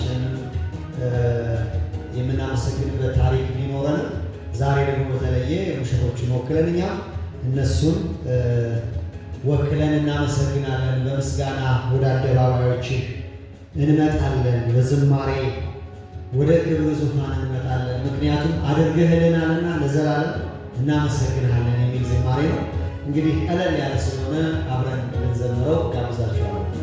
ችን የምናመሰግንበት ታሪክ ቢኖረን ዛሬ ደግሞ በተለየ ሙሽሮችን ወክለን እኛ እነሱን ወክለን እናመሰግናለን። በምስጋና ወደ አደባባዮች እንመጣለን፣ በዝማሬ ወደ ክብር ዙፋን እንመጣለን። ምክንያቱም አድርገህልናልና ለዘላለም እናመሰግናለን የሚል ዝማሬ ነው። እንግዲህ ቀለል ያለ ስለሆነ አብረን ልንዘምረው ጋብዛችኋለሁ።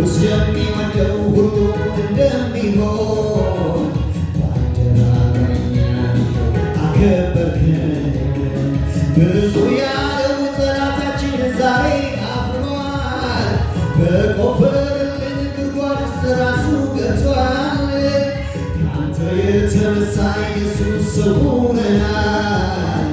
ቅዱስ የሚወደው ሁሉ እንደሚሆን በአደባባይ ብዙ ያለው ጠላታችን ዛሬ አፍሯል፣ በቆፈረልን ጉድጓድ ውስጥ ራሱ ገብቷል። ከአንተ የተነሳ ኢየሱስ ሰው ሆነናል።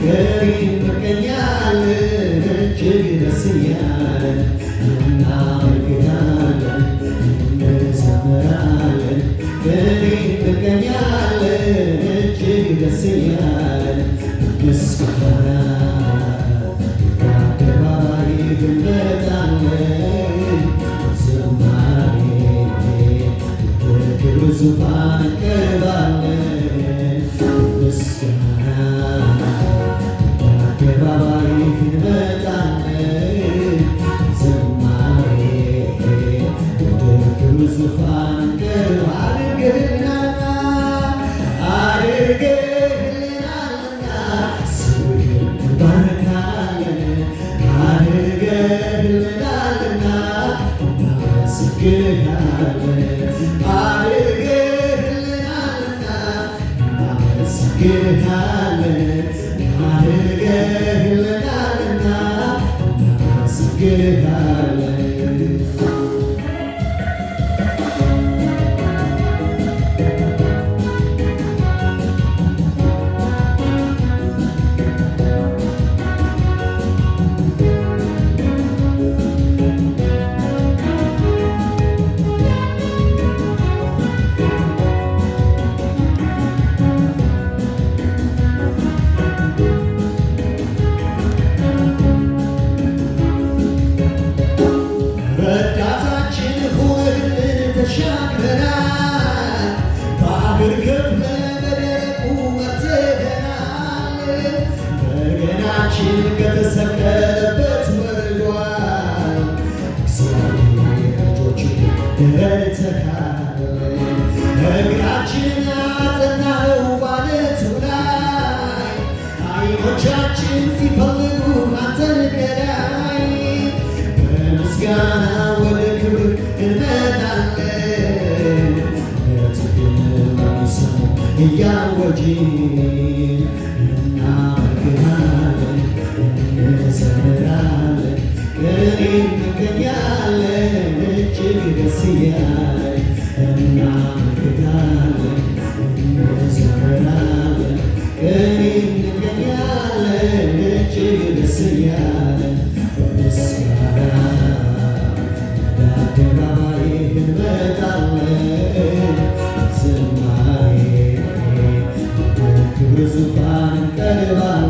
ፍቅርን ፈቀኛለን እጅግ ደስ እያለን እናመልክታለን እንዘምራለን። ፍቅርን ዙፋን እንቀርባለን ስትፈልጉ አትንገዳኝ በምስጋና ወደ ክብር እንመጣለን በትግል እያወጅን እንዘምራለን እኔ እንገኛለን እጅግ ደስ እያለን ዝማሬ ክብር ዙፋን ቀርባ